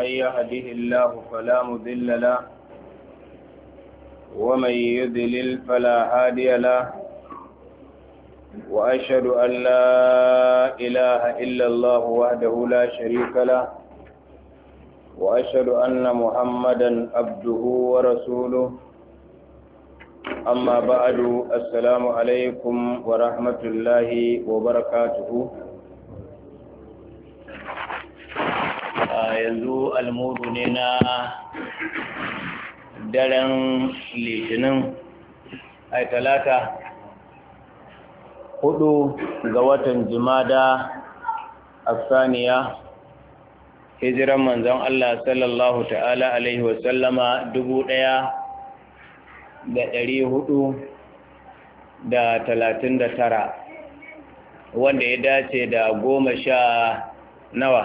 من يهده الله فلا مذل له ومن يذلل فلا هادي له وأشهد أن لا إله إلا الله وحده لا شريك له وأشهد أن محمدا عبده ورسوله أما بعد السلام عليكم ورحمة الله وبركاته yanzu almuru ne na daren litinin ai talata hudu ga watan jimada afsaniya hijiran manzon Allah sallallahu ta'ala alaihi wasallama dubu daya da dari hudu da talatin da tara wanda ya dace da goma sha nawa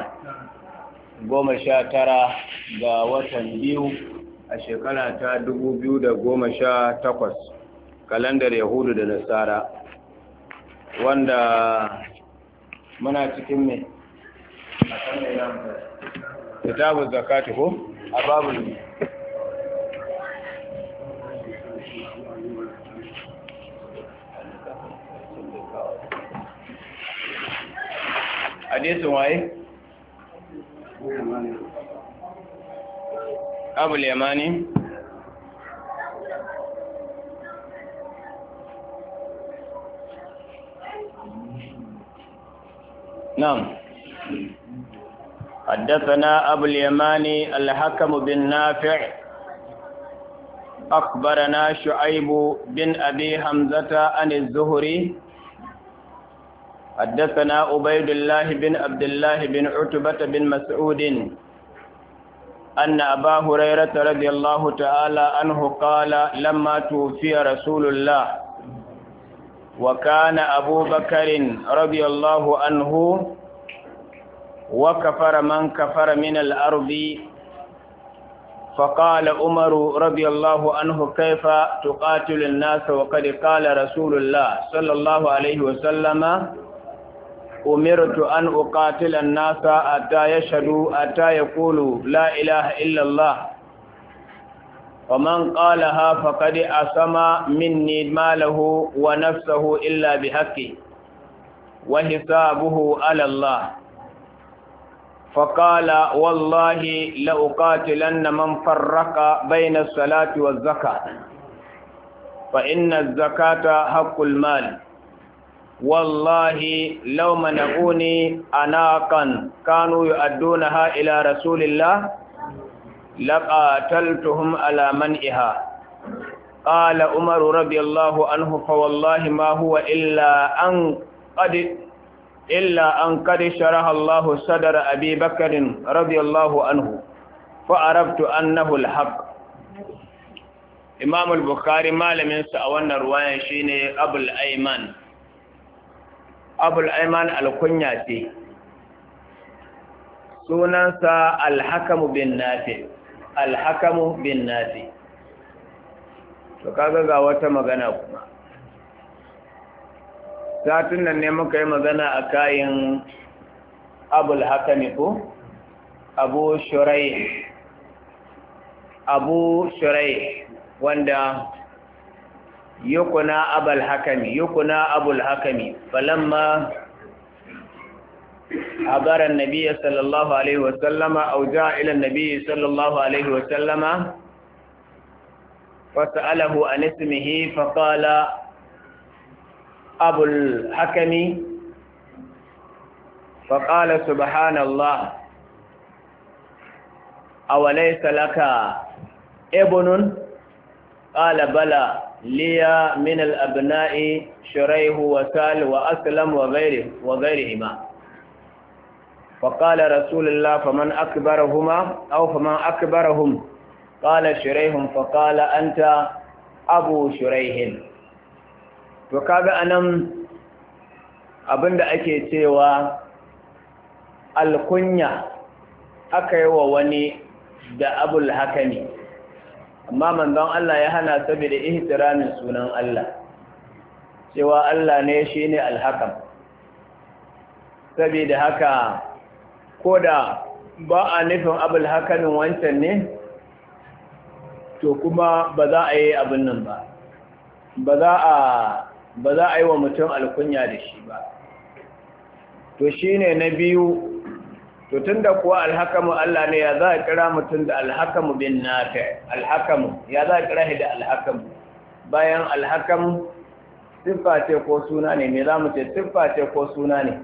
goma sha tara ga watan biyu a shekara ta dubu biyu da goma sha takwas kalandar yahudu da nasara wanda muna cikin mai kitabun zakati ko a babu ne. hadisin waye abul yamani نعم حدثنا أبو اليماني الحكم بن نافع أخبرنا شعيب بن أبي حمزة عن الزهري حدثنا عبيد الله بن عبد الله بن عتبة بن مسعود أن أبا هريرة رضي الله تعالى عنه قال لما توفي رسول الله وكان أبو بكر رضي الله عنه وكفر من كفر من الأرض فقال عمر رضي الله عنه كيف تقاتل الناس وقد قال رسول الله صلى الله عليه وسلم umirtu an uqatila an-nasa shadu a taya yaqulu la ilaha illa Allah wa man qalaha faqad asama minni malahu wa nafsahu illa bihaqqi wa hisabuhu ala Allah فقال والله لا اقاتلن من فرق بين الصلاه والزكاه فان الزكاه حق المال wallahi law mana'uni anaqan kanu yu'addunaha ila rasulillah laqataltuhum ala man'iha qala umar radiyallahu anhu fa wallahi ma illa an qad illa an qad sharaha allah sadra abi radiyallahu anhu fa arabtu annahu alhaq imam al-bukhari malamin a wannan ruwayan shine abul ayman abul aiman alkunya ce sunansa alhakamu bin nafi alhakamu bin nafi to kaga ga wata magana kuma satin nan ne muka yi magana a kayan abul hakami ko abu shurai abu shurai wanda yukuna abal hakami yukuna abul hakami falamma abara nabiya sallallahu ibnun qala bala liya min al-abna'i shuraihu wa sal wa aslam wa ghairi wa ghairihima fa qala rasulullah faman akbarahuma aw faman akbarahum qala shuraihum fa qala anta abu to kaga anan abinda ake cewa alkunya aka yi wa wani da abul hakami amma manzon Allah ya hana saboda ihtiramin sunan Allah cewa Allah ne shine alhakam saboda haka koda ba a nufin abul hakamin wancan ne to kuma ba za a yi abin nan ba ba za a ba za a yi wa mutum alkunya da shi ba to shine na biyu to tunda kuwa alhakamu Allah ne ya za a kira mutum da alhakamu bin nafi alhakamu ya za a kira shi da alhakamu bayan alhakamu siffa ce ko suna ne me za mu ce siffa ce ko suna ne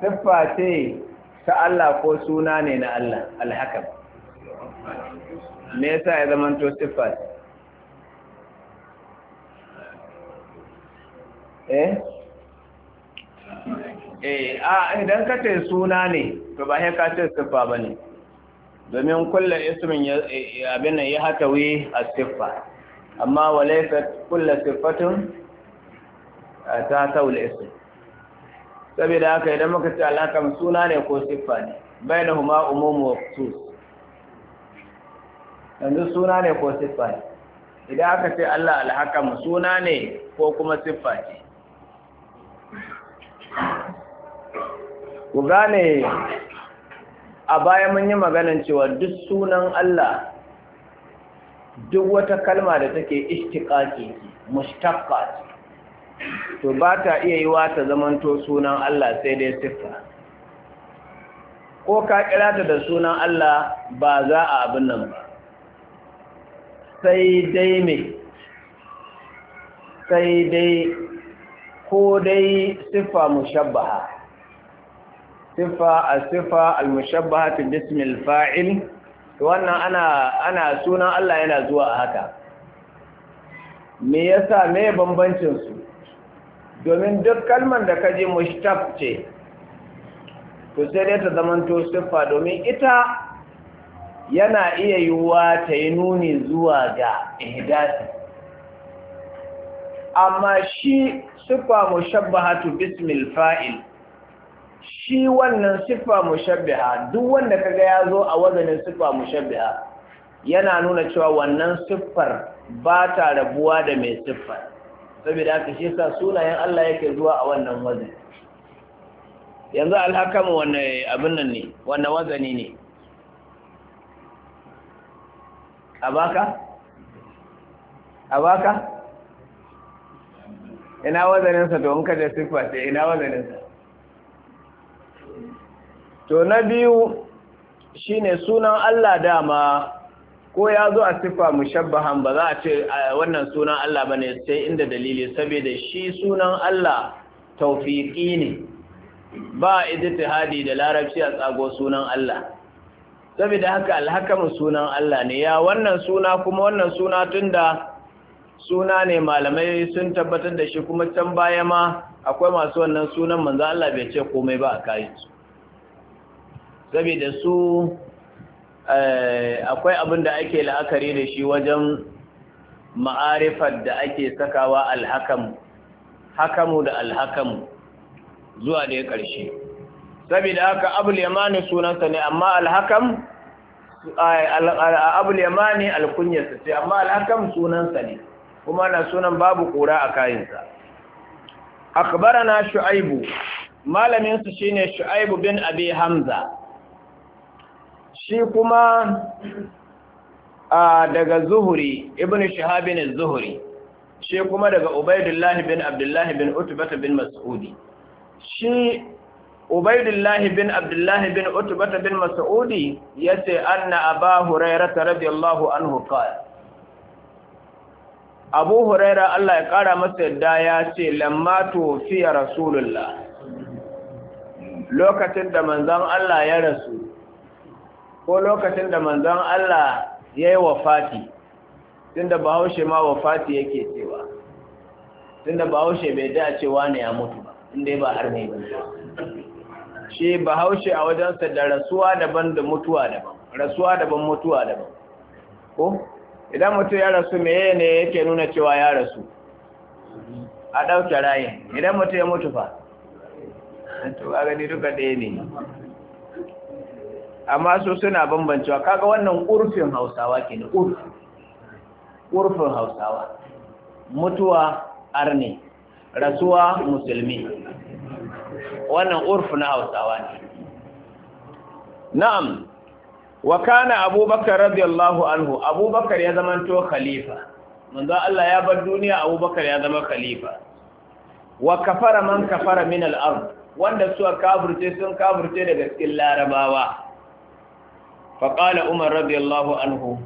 siffa ce ta Allah ko suna ne na Allah alhakam me yasa ya zama to siffa ce eh a idan ka ce suna ne to ba ka ce siffa ba ne domin kulla ismin abin ya haka hatawi a siffa amma walaifat kulla siffatun ta taula ismin saboda haka idan muka ce alaƙar suna ne ko siffa ne bai da huma umumu waktus yanzu suna ne ko siffa ne idan aka ce Allah alhakam suna ne ko kuma siffa ce ku gane a baya mun yi maganan cewa duk sunan Allah duk wata kalma da take ishtiqaqi mushtaqqa to ba ta iya yiwa ta zamanto sunan Allah sai dai siffa ko ka kira ta da sunan Allah ba za a abin nan ba sai dai me sai dai ko dai siffa mushabbaha sifa a sifa al bismil fa'il to wannan ana ana sunan Allah yana zuwa haka me yasa me bambancin su domin duk kalmar da kaje mushtaq ce to sai dai ta zamanto sifa domin ita yana iya yiwuwa ta yi nuni zuwa ga ihdasi amma shi sifa mushabbahatu bismil fa'il shi wannan siffa mushabbiha duk wanda kaga ya zo a wazanin siffa mushabbiha yana nuna cewa wannan siffar ba ta rabuwa da mai siffar saboda haka shi yasa sunayen Allah yake zuwa a wannan wazan yanzu alhakamu wannan abin nan ne wannan wazani ne abaka abaka ina wazaninsa don kada siffa sai ina wazaninsa to na biyu shi ne sunan Allah dama ko ya zo a siffa mushabbahan ba za a ce wannan sunan Allah ba ne sai inda dalili saboda shi sunan Allah taufiƙi ne ba hadi da larabci a tsago sunan Allah saboda haka Alhakanmu sunan Allah ne ya wannan suna kuma wannan suna tun da suna ne malamai sun tabbatar da shi kuma can baya ma akwai masu wannan sunan manzo Allah bai ce komai ba a kayansu saboda su eh, akwai abin da ake la'akari da shi wajen ma'arifar da ake sakawa alhakam hakamu da alhakamu zuwa da ya ƙarshe saboda haka abul yamani sunansa ne amma alhakam eh, abul yamani alkunyarsa ce amma alhakam sunansa ne kuma na sunan babu ƙura a kayansa akbarana shu'aibu malaminsu shine shu'aibu bin abi hamza shi kuma daga zuhuri ibn shahabin zuhuri shi kuma daga ubaidullahi bin abdullahi bin utubata bin mas'udi shi ubaidullahi bin abdullahi bin utubata bin mas'udi ya ce anna aba hurairata radiyallahu an hukar abu huraira Allah ya kara masa yadda ya ce lamma fiye rasulullah lokacin da manzan Allah ya rasu ko lokacin da manzon Allah ya yi wafati tunda bahaushe ma wafati yake cewa tunda bahaushe bai da cewa ne ya mutu ba inda ba har ne ba shi bahaushe a wajensa da rasuwa daban da mutuwa daban rasuwa daban mutuwa daban ko idan mutum ya rasu me ne yake nuna cewa ya rasu a ɗauke rayin idan mutum ya mutu fa to ga gani duka ɗaya ne amma su suna bambancewa kaga wannan urfin hausawa ke da urfin hausawa mutuwa arne rasuwa musulmi wannan urfi hausawa ne na'am wa kana abubakar radiyallahu anhu abubakar ya zamanto khalifa manzo Allah ya bar duniya abubakar ya zama khalifa wa kafara man kafara min al-ard wanda suka kafirce sun kafirce daga cikin larabawa faƙala umar radiyallahu anhu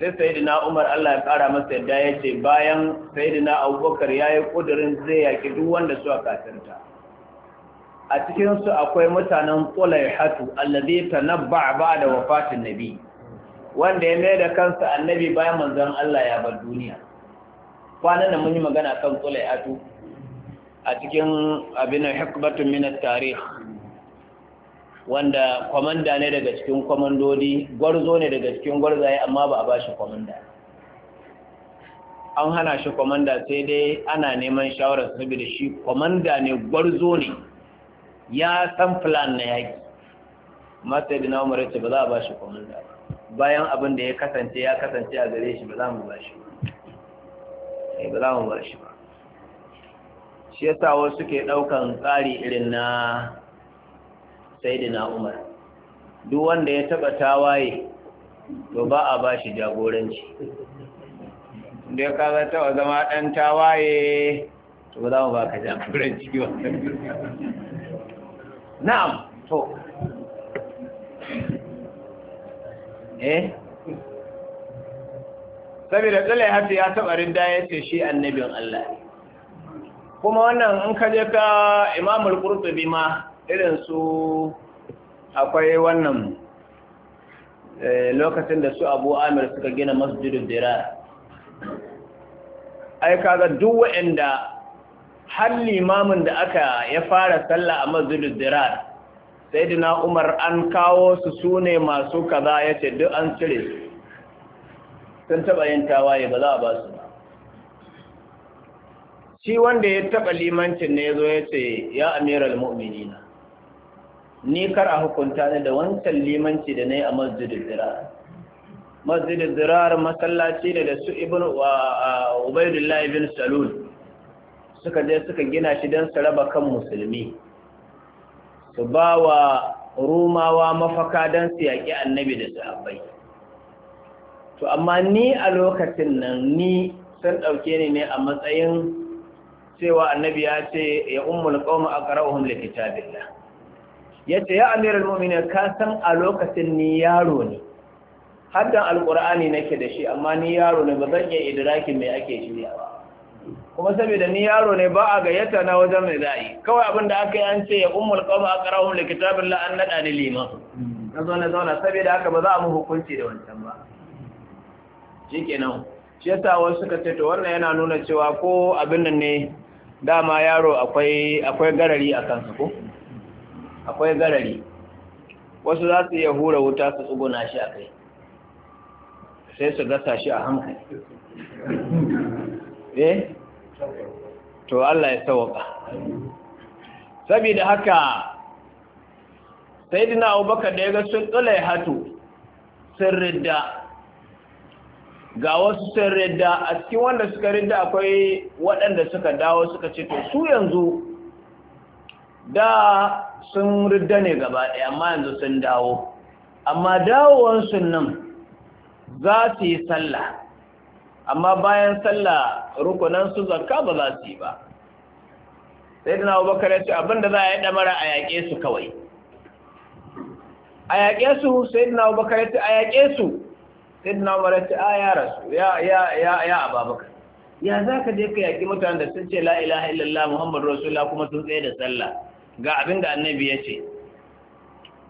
sai sayidina umar allah ya ƙara masa yadda ya ce bayan sayidina abubakar ya yi ƙudurin zai yaƙi duk wanda suka kasirta a cikinsu akwai mutanen ƙulai hatu allazi ta na ba da wafatin nabi wanda ya mai da kansa annabi bayan manzon allah ya bar duniya kwanan da mun yi magana kan ƙulai hatu a cikin abin hikmatun tarihi wanda kwamanda ne daga cikin kwamandodi gwarzo ne daga cikin gwarzaye amma ba a ba shi kwamanda an hana shi kwamanda sai dai ana neman shawarar saboda shi kwamanda ne gwarzo ne ya san plan na yaki Masu da na umar ce ba za a ba shi kwamanda bayan abin da ya kasance ya kasance a gare shi ba za mu ba shi ba eh, za mu ba shi ba shi wasu ke ɗaukan tsari irin na sayyidina Umar duk wanda ya taba tawaye to ba a bashi jagoranci da ya kaza taba zama dan tawaye to ba za mu baka jagoranci ba na'am to eh saboda tsalai hafi ya taɓa rinda ya ce shi annabin Allah kuma wannan in ka je ka imamul qurtubi ma irin su akwai wannan eh, lokacin da su abu amir suka gina masjidin dira ai kaga duk waɗanda har limamin da aka ya fara sallah a masjidin dira sai dina umar an kawo su sune masu kaza ya ce duk an cire su sun taɓa yin tawaye ba za a ba su ba shi wanda ya taɓa limancin ne zo ya ce ya amiral mu'minina ni kar a hukunta ni da wancan limanci da na yi a masjidin zirar masjidin zirar masallaci da su ibn ubaidullah ibn salul suka je suka gina shi don su raba kan musulmi su ba wa rumawa mafaka don su yaƙi annabi da su haɓai to amma ni a lokacin nan ni sun ɗauke ni ne a matsayin cewa annabi ya ce ya a qauma aqra'uhum likitabillah ya ce ya amiral mu'minin ka san a lokacin ni yaro ne haddan alkur'ani nake da shi amma ni yaro ne ba zan iya idrakin mai ake shirya ba kuma saboda ni yaro ne ba a gayyata na wajen mai za'i kawai abin da aka yi an ce ya ummul qawma aqra'uhum li kitabin la an nada ni liman na na zauna saboda haka ba za a mu hukunci da wancan ba shikenan shi yasa wasu suka ce to wannan yana nuna cewa ko abin nan ne dama yaro akwai akwai garari a kansu ko akwai garari wasu za su iya hura wuta su tsuguna shi a kai sai su gasa shi a hankali eh to Allah ya sauka saboda haka sayyidina Abubakar da ya ga sun tsale hatu sun ridda ga wasu sun ridda a cikin wanda suka ridda akwai waɗanda suka dawo suka ce to su yanzu da sun rida ne gaba ɗaya amma yanzu sun dawo amma dawowansu nan za su yi sallah amma bayan sallah rukunan su zarka ba za su yi ba sai da na bakar ya ce abinda za a yi damara a yaƙe su kawai a yaƙe su sai da na bakar ya ce a yaƙe su sai da na umar ya ce a ya rasu ya ababakar ya za ka je ka yaƙi mutanen da sun ce la ilaha illallah muhammadu rasulullah kuma sun tsaye da sallah ga abin da annabi ya ce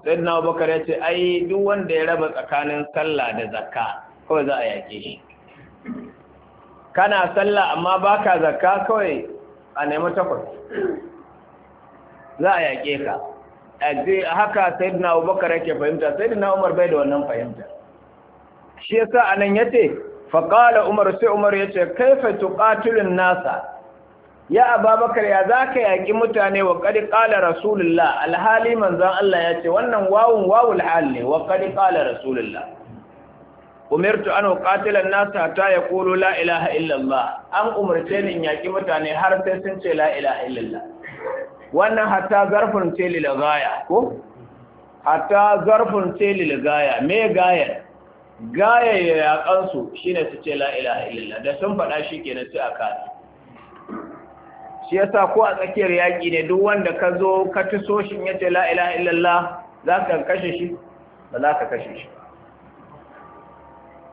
sai na abubakar ya ce ai duk wanda ya raba tsakanin sallah da zakka kawai za a yake shi kana sallah amma baka zakka kawai a nemi takwas za a yake ka haka sai na abubakar ke fahimta sai na umar bai da wannan fahimta shi ya sa nan ya ce faqala umar sai umar ya kai fa tuqatilun nasa ya ababakar ya za ka yaƙi mutane wa ƙari ƙala rasulullah alhali manzan Allah ya ce wannan wawun wawul hal ne wa ƙari ƙala rasulullah umirtu an uqatilan nas ta ya la ilaha illallah an umarce ni in yaƙi mutane har sai sun ce la ilaha illallah wannan hatta zarfin ce lil gaya ko hatta zarfin ce lil gaya me gaya gaya ya yaƙansu shine su ce la ilaha illallah da sun faɗa shi kenan sai a kasu shi yasa ko a tsakiyar yaƙi ne duk wanda ka zo ka ci soshin ya ce la ilaha illallah za ka kashe shi ba za ka kashe shi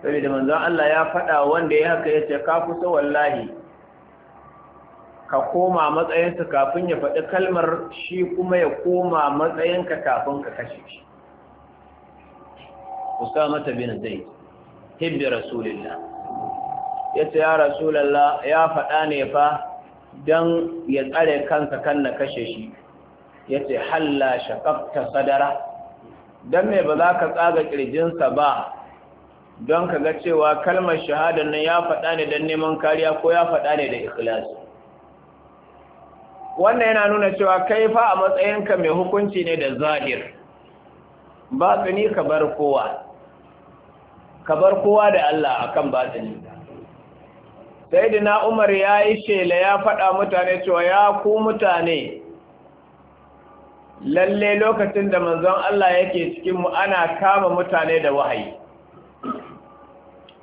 da manzon Allah ya faɗa wanda ya haka ya ce ka kusa wallahi ka koma matsayinsa kafin ya faɗi kalmar shi kuma ya koma matsayinka kafin ka kashe shi Usama bin zai hibbi rasulillah yace ya rasulullah ya faɗa ne fa don ya tsare kansa kan na kashe shi ya ce halla shakafta sadara don mai ba za ka tsaga ƙirjinsa ba don ka ga cewa kalmar shahadar nan ya faɗa ne don neman kariya ko ya faɗa ne da ikhlas wannan yana nuna cewa kai fa a matsayinka mai hukunci ne da zahir batsini ka bar kowa ka bar kowa da Allah akan batsini Sa'idina umar ya yi shela ya faɗa mutane cewa ya ku mutane lalle lokacin da manzon Allah yake cikin mu ana kama mutane da wahayi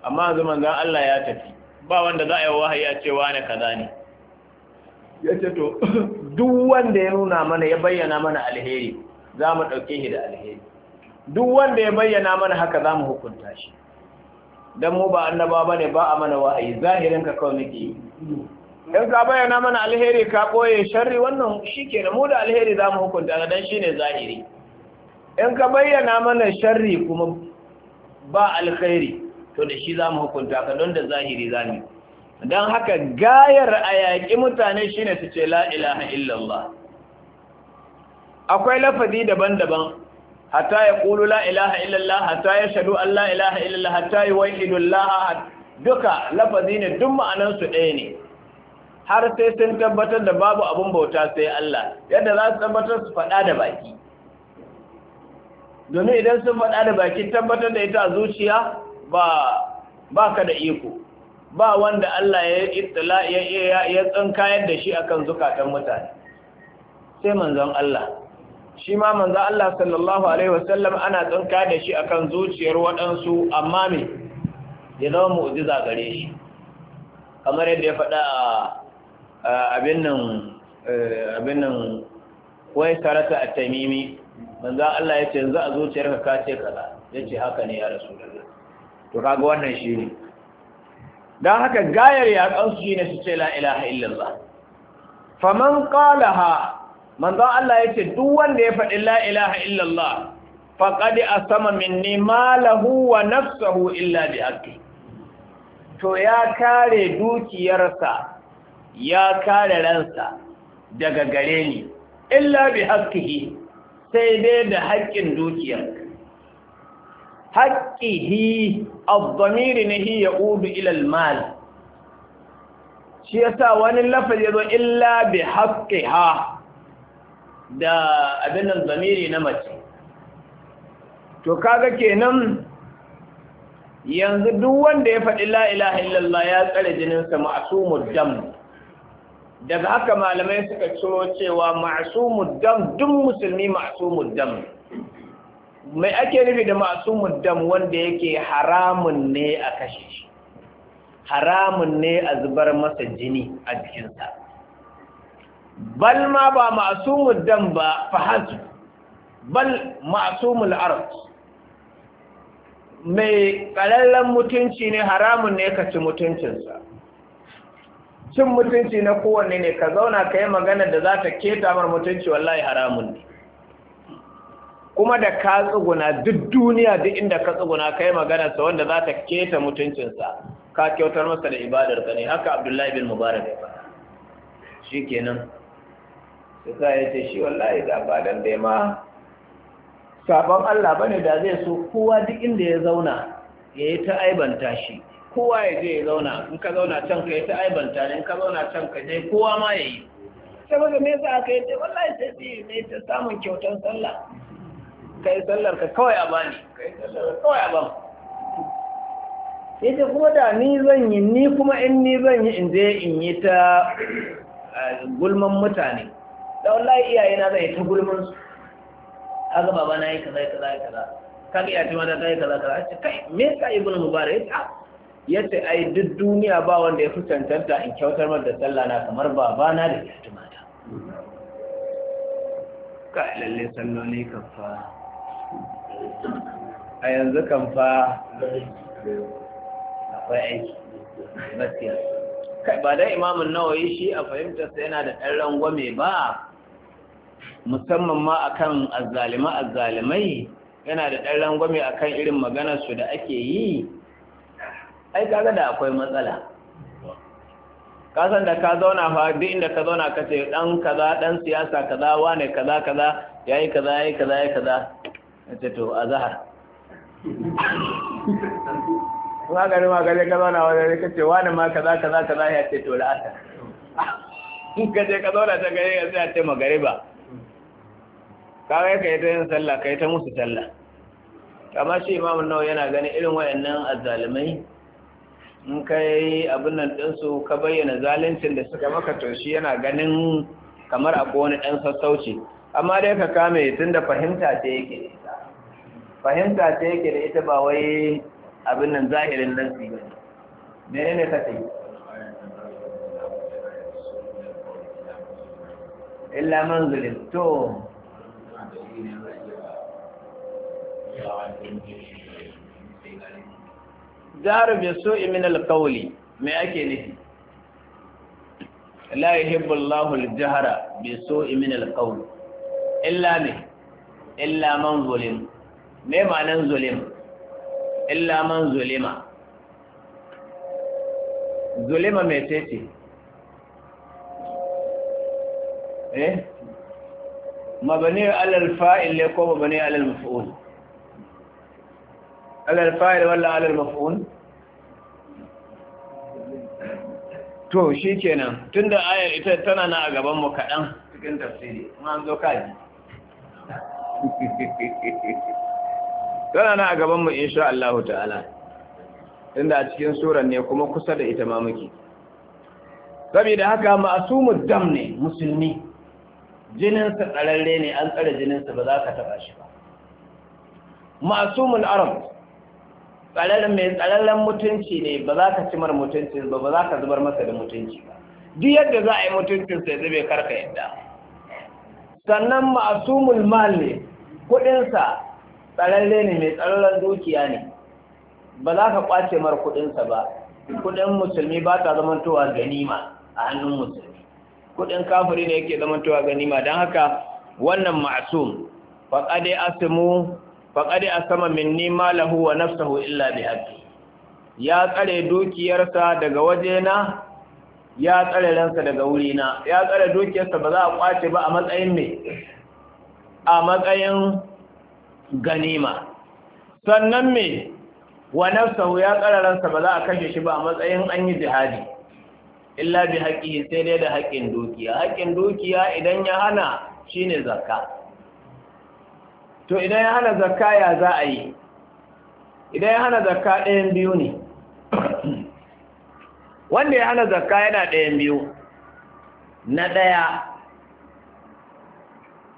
amma yanzu manzon Allah ya tafi ba wanda za a yi wahayi a cewa ne kaza ne ya ce to duk wanda ya nuna mana ya bayyana mana alheri za mu ɗauke shi da alheri duk wanda ya bayyana mana haka za mu hukunta shi dan mu ba annaba bane ba a mana wa'ayi zahirin ka kawai nake in ka bayyana mana alheri ka koye sharri wannan ke mu da alheri za mu hukunta dan shine zahiri in ka bayyana mana sharri kuma ba alkhairi to da shi za mu hukunta ka don da zahiri zamu don haka gayar a yaƙi mutane shine su ce la ilaha illallah akwai lafazi daban-daban hatta ya ƙulu la ilaha illallah hatta ya shaɗu an ilaha illallah hatta yi duka lafazi ne duk ma'anansu ɗaya ne har sai sun tabbatar da babu abin bauta sai Allah yadda za su tabbatar su faɗa da baki domin idan sun faɗa da baki tabbatar da ita a zuciya ba ka da iko ba wanda Allah ya yi ya ya tsinka da shi akan zukatan mutane sai manzon Allah shi ma manzo Allah sallallahu alaihi wasallam ana tsanka da shi akan zuciyar waɗansu amma me ya zama mu'jiza gare shi kamar yadda ya faɗa a abin nan eh, abin nan wai karata at-tamimi manzo Allah ya ce yanzu a zuciyarka ka ce kaza yace haka ne ya rasulullah to kaga wannan shine dan haka gayar yaƙansu shi ne su ce la'ilaha illallah faman qalaha manzon Allah ya ce duk wanda ya faɗi la ilaha illallah faqad asama minni malahu wa nafsuhu illa bi haqqi to ya kare dukiyarsa ya kare ransa daga gare ni illa bi haqqihi sai dai da haƙƙin dukiyar haƙƙihi al-dhamiri ne yaudu ila al-mal shi yasa wani lafazi yazo illa bi haqqiha da abin nan zamiri na mace to kaga kenan yanzu duk wanda ya faɗi la ilaha illallah ya tsare jininsa ma'asumud dam daga haka malamai suka ciro cewa ma'asumud dam duk musulmi ma'asumud dam mai ake nufi da ma'asumud dam wanda yake haramun ne a kashe haramun ne a zubar masa jini a jikinsa bal ma ba ma'asumul dam ba fahazu bal ma'asumul arz mai kalallan mutunci ne haramun ne ka ci mutuncinsa cin mutunci na kowanne ne ka zauna ka yi magana da za ta keta mar mutunci wallahi haramun ne kuma da ka tsuguna duk duniya duk inda ka tsuguna ka yi magana sa wanda za ta keta mutuncinsa ka kyautar masa da ibadar ka ne haka abdullahi bin mubarak ya fara shi kenan yasa ya ce shi wallahi da ba dan dai ma sabon Allah bane da zai so kowa duk inda ya zauna yayi ta aibanta shi kowa ya je ya zauna in ka zauna can ka yi ta aibanta ne in ka zauna can ka je kowa ma yayi saboda me yasa aka yi ta wallahi sai sai ne ta samun kyautar sallah kai sallar ka kawai a bani kai sallar ka kawai a ban yace kuma da ni zan yi ni kuma in ni zan yi in je in yi ta eh, gulman mutane da wallahi iyaye na zai ta gulmin su kaga baba na yi kaza ya kaza ya kaza kaga iya ce mata ta yi kaza kaza ce kai me yasa ibnu mubarak ya ah. ya ce ai duk duniya ba wanda ya fi cancanta in kyautar mar da sallah na kamar baba na da ya mata ka lalle salloli kan fa a yanzu kan fa akwai aiki gaskiya kai ba dai Imamin imamun yi shi a fahimtarsa yana da ɗan rangwame ba musamman ma akan azalima azalimai yana da ɗan rangwame akan irin maganarsu su da ake yi ai kaga da akwai matsala kasan da ka zauna fa duk inda ka zauna ka ce ɗan kaza ɗan siyasa kaza wane kaza kaza ya yi kaza ya yi kaza ya yi kaza ya ce to zahar. kuma gari ma gari ka zauna wani ka ce wane ma kaza kaza kaza ya ce to la'asar in ka je ka zauna ta gari ya ce magariba kawai ka yi ta yin sallah ka yi ta musu sallah Kamar shi imamun Nau yana gani irin wayannan azalimai. in ka yi abin nan ɗinsu ka bayyana zaluncin da suka maka shi yana ganin kamar a wani ɗan sassauci amma dai ka kame tun da fahimta ce yake da ita fahimta ce yake da ita ba wai abin nan zahirin nan su yi mene ne ka ce illa manzulin to jaru bi su'i min alqawli me ake nufi la yuhibbu Allahu al-jahra bi su'i min alqawli illa me illa man zulim me ma'anan zulim illa man zulima zulima me tace eh mabani ala al-fa'il ko mabani ala al-maf'ul على الفاعل ولا على المفعول to shi kenan tunda ayar ita tana na a gaban kaɗan cikin tafsiri an zo kaji tana na a gaban mu insha Allah ta'ala tunda a cikin suran ne kuma kusa da ita ma muke saboda haka ma'asumud dam ne musulmi jininsa tsararre ne an tsare jininsa ba za ka taɓa shi ba ma'asumul arab tsararren mai mutunci ne ba za ka cimar mutuncin ba ba za ka zubar masa da mutunci ba duk yadda za a yi mutuncin sai zube karka yadda sannan ma'asumul mal ne kuɗinsa tsararre ne mai tsararren dukiya ne ba za ka kwace mar kuɗinsa ba kuɗin musulmi ba ta zamantowa ganima a hannun musulmi kuɗin kafiri ne yake zamantowa ganima don haka wannan ma'asum faƙade asimu faƙaɗe a sama min nima lahu wa nafsahu illa bi haƙƙi ya tsare dukiyarsa daga wajena ya tsare ransa daga wurina ya tsare dukiyarsa ba za a kwace ba a matsayin me a matsayin ganima sannan me wa nafsahu ya tsare ransa ba za a kashe shi ba a matsayin an yi jihadi illa bi haƙƙi sai dai da haƙƙin dukiya haƙƙin dukiya idan ya hana shine zakka to idan ya hana zakka ya za a yi idan ya hana zakka ɗayan biyu ne wanda ya hana zakka yana ɗayan biyu na ɗaya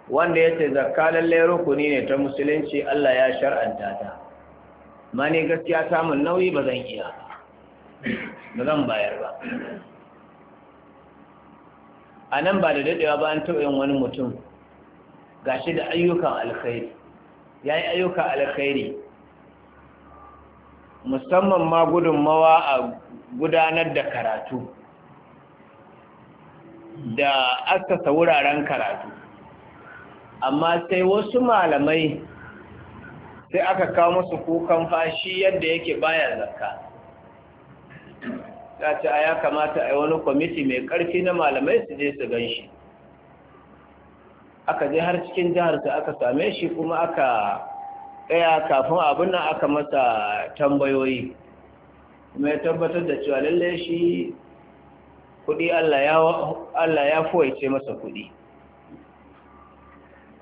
wanda ya ce zakka lallai rukuni ne ta musulunci Allah ya shar'anta ta ma ne gaskiya samun nauyi ba zan iya ba zan bayar ba a nan ba da daɗewa ba an taɓa wani mutum gashi da ayyukan alkhairi ya yi ayyukan alkhairi musamman ma gudunmawa a gudanar da karatu da askasa wuraren karatu amma sai wasu malamai sai aka kawo musu kukan fashi yadda yake baya zakka ta ce a ya kamata a yi wani kwamiti mai ƙarfi na malamai su je su gan shi aka je har cikin jiharsa aka same shi kuma aka tsaya kafin abin nan aka masa tambayoyi kuma ya tabbatar da cewa lalle shi kuɗi Allah ya ce masa kuɗi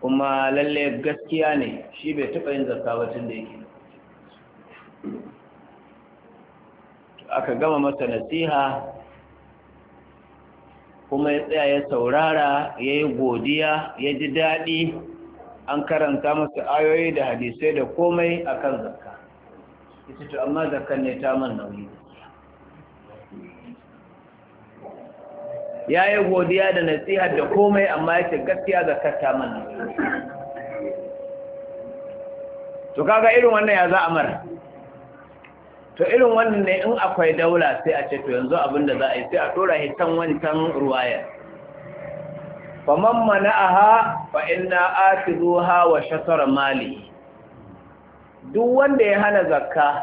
kuma lalle gaskiya ne shi bai taɓa yin zarka batun da yake aka gama masa nasiha kuma ya tsaya ya saurara ya yi godiya ya ji daɗi an karanta masa ayoyi da hadisai da komai a kan zakka ita to amma zakkan ne ta man nauyi ya yi godiya da nasiha da komai amma ya ce gaskiya zakkar ta man nauyi to kaga irin wannan ya za a mara to irin wannan ne in akwai daula sai a ce to yanzu abin da za a yi sai a tura hitan wancan fa man mana'aha fa inna atizuha wa shatar mali duk wanda ya hana zakka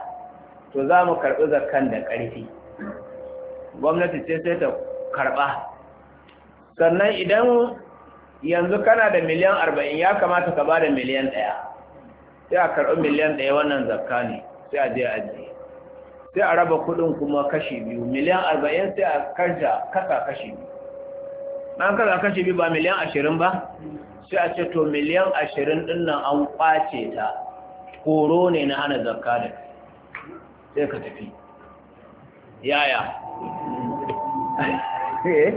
to za mu karɓi zakkan da ƙarfi gwamnati ce sai ta karɓa sannan idan yanzu kana da miliyan arba'in ya kamata ka ba da miliyan ɗaya sai a karɓi miliyan ɗaya wannan zakka ne sai a je a ajiye sai a raba kudin kuma kashi biyu miliyan arba'in sai a karja kasa kashi biyu an kasa kashi biyu ba miliyan ashirin ba sai a ce to miliyan ashirin ɗin nan an kwace ta horo ne na hana zakka da sai ka tafi yaya eh?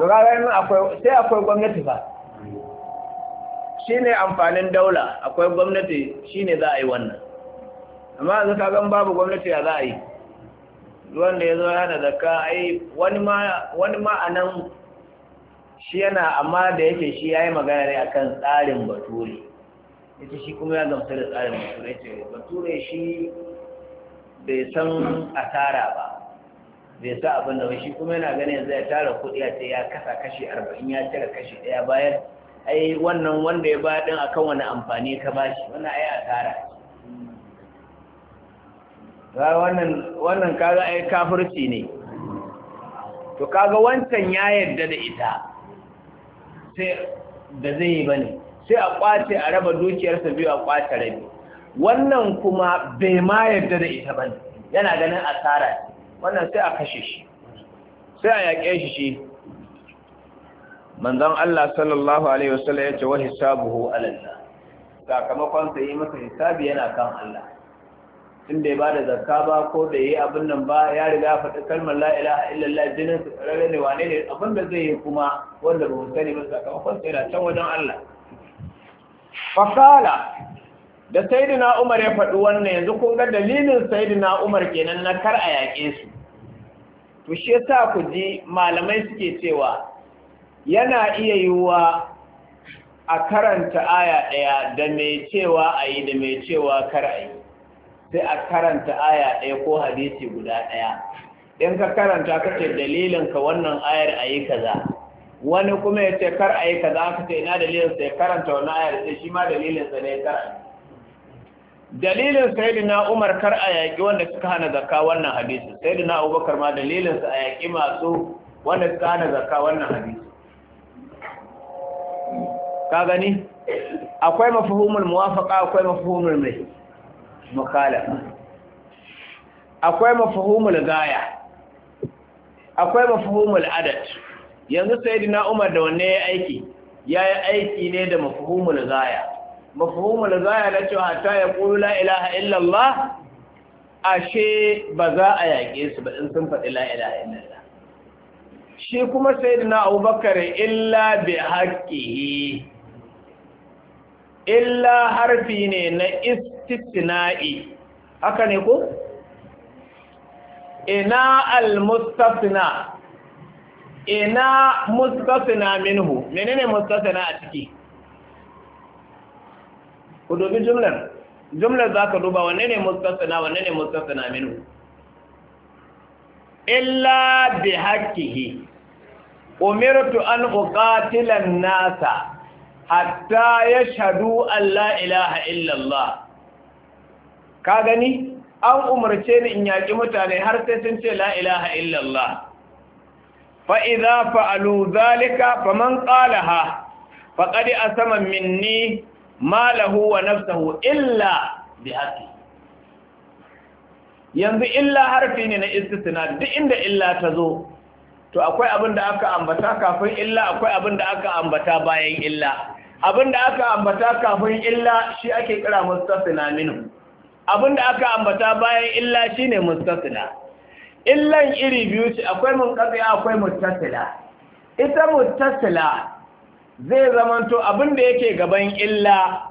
to kaga yin akwai sai akwai gwamnati ba shine amfanin daula akwai gwamnati shine za a yi wannan amma yanzu ka gan babu gwamnati ya za a yi wanda ya zo hana zakka ai wani ma a nan shi yana amma da yake shi ya yi magana ne akan tsarin bature yake shi kuma ya gamsu da tsarin bature ce bature shi bai san asara ba bai sa abin da ba shi kuma yana ganin yanzu ya tara kuɗi a sai ya kasa kashi arba'in ya cire kashi ɗaya bayan ai wannan wanda ya baya ɗin akan wani amfani ka bashi wannan ai asara wannan wannan kaga ai kafirci ne to kaga wancan ya yarda da ita sai da zai yi bane sai a kwace a raba dukiyarsa biyu a kwace rabi wannan kuma bai ma yarda da ita bane yana ganin asara wannan sai a kashe shi sai a yaƙe shi shi manzon Allah sallallahu alaihi wasallam ya ce wa hisabuhu ala Allah sakamakon sai masa hisabi yana kan Allah in bai ba da zakka ba ko da yi abin nan ba ya riga faɗi kalmar la ilaha illallah jinin su tsararre ne wane ne abin da zai yi kuma wanda ba mu sani ba sakamakon sai na can wajen Allah fakala da sayyidina Umar ya faɗi wannan yanzu kun ga dalilin sayyidina Umar kenan na kar a yaƙe su to shi yasa ku ji malamai suke cewa yana iya yiwuwa a karanta aya ɗaya da mai cewa a yi da mai cewa kar a yi sai a karanta aya ɗaya ko hadisi guda ɗaya in ka karanta ka ce dalilinka wannan ayar a yi kaza wani kuma ya ce kar a yi kaza aka ce ina dalilin ya karanta wani ayar sai shi ma dalilinsa ne kar a dalilin na Umar kar a yaƙi wanda suka hana zakka wannan hadisi na Abubakar ma dalilin sa a yaƙi masu wanda suka hana zakka wannan hadisi ka gani akwai mafhumul muwafaka akwai mafhumul mai mukhalafa akwai mafahumul gaya akwai mafahumul adad yanzu sayyidina Umar da wanne ya aiki yi aiki ne da mafahumul gaya mafahumul gaya na cewa ta ya kulu la ilaha illallah ashe ba za a yaƙe su ba in sun faɗi la ilaha illallah shi kuma sayyidina Abubakar illa bi haqqihi illa harfi ne na is istisna'i haka ne ko ina al-mustafna ina mustasna minhu menene mustasna a ciki ku dubi jumlar jumlar za ka duba wanne ne mustasna wanne ne mustasna minhu illa bi haqqihi umirtu an uqatila an-nasa hatta yashhadu an la ilaha illa Allah ka gani an umarce ni in yaƙi mutane har sai sun ce la ilaha illallah fa idza fa'alu zalika faman qalaha faqad asama minni malahu wa nafsuhu illa bihaqqi yanzu illa harfi ne na istisna duk inda illa ta zo to akwai abin da aka ambata kafin illa akwai abin da aka ambata bayan illa abin da aka ambata kafin illa shi ake kira mustasna minhu da aka ambata bayan illa shine mustasila illan iri biyu ce akwai munqati akwai mustasila. ita mustasila zai zamanto da yake gaban illa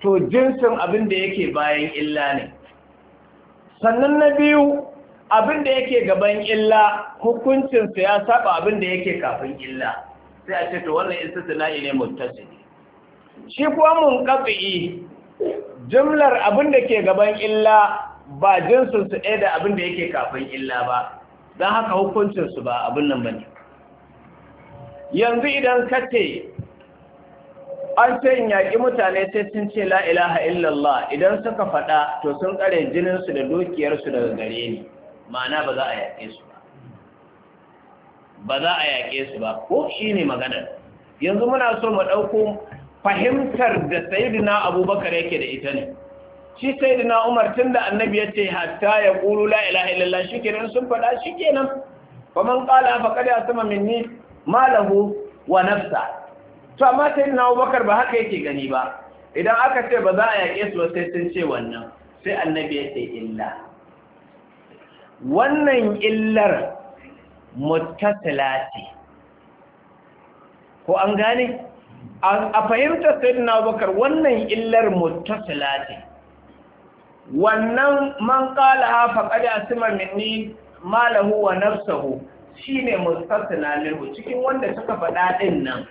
to jinsin abin da yake bayan illa ne sannan na biyu abin da yake gaban illa hukuncinsa ya saba da yake kafin illa sai a ce to wannan istisna'i ne muttasili shi kuwa munqati jumlar abin da ke gaban illa ba jinsin su ɗaya da abin da yake kafin illa ba don haka hukuncinsu ba abin nan ba ne. yanzu idan kace an ce in yaƙi mutane sai sun ce illallah idan suka faɗa to sun ƙare jininsu da dukiyarsu daga gare ni ma'ana ba za a yaƙe su ba ba za a yaƙe su ba ko shi ne maganar yanzu muna so mu ɗauko fahimtar da sayidina abubakar yake da ita ne shi sayidina umar tun da annabi ya ce hatta ya qulu la ilaha illallah kenan sun faɗa shi kenan ba man qala ya sama minni malahu wa nafsa to amma sayidina abubakar ba haka yake gani ba idan aka ce ba za a yaƙe su sai sun ce wannan sai annabi ya ce illa wannan illar muttasila ce ko an gane a fahimtar sayyidina bakar wannan illar muttasila ce wannan man qala fa qad asma minni malahu wa nafsuhu shine mustasila ne cikin wanda suka faɗa din nan